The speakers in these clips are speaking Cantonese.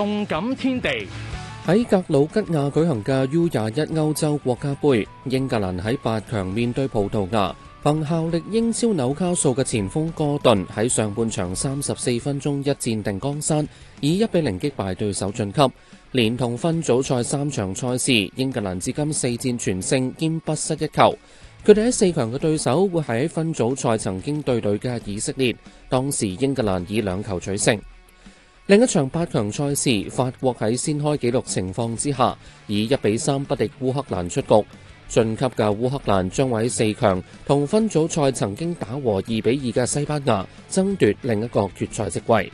動感天地，喺格魯吉亞舉行嘅 U 廿一歐洲國家盃，英格蘭喺八強面對葡萄牙，憑效力英超紐卡素嘅前鋒哥頓喺上半場三十四分鐘一戰定江山，以一比零擊敗對手晉級。連同分組賽三場賽事，英格蘭至今四戰全勝兼不失一球。佢哋喺四強嘅對手會係喺分組賽曾經對壘嘅以色列，當時英格蘭以兩球取勝。另一場八強賽事，法國喺先開紀錄情況之下，以一比三不敵烏克蘭出局。晉級嘅烏克蘭將為四強，同分組賽曾經打和二比二嘅西班牙爭奪另一個決賽席位。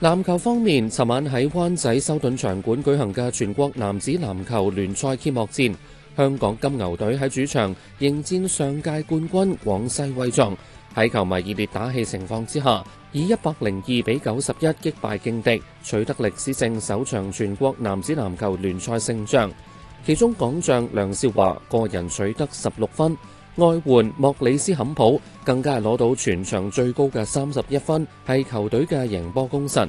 籃球方面，尋晚喺灣仔修頓場館舉行嘅全國男子籃球聯賽揭幕戰。香港金牛隊喺主場迎戰上屆冠軍廣西威壯，喺球迷熱烈打氣情況之下，以一百零二比九十一擊敗勁敵，取得歷史性首場全國男子籃球聯賽勝仗。其中港將梁少華個人取得十六分，外援莫里斯坎普更加係攞到全場最高嘅三十一分，係球隊嘅贏波功臣。